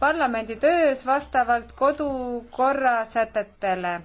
parlamendi töös vastavalt kodukorra sätetele.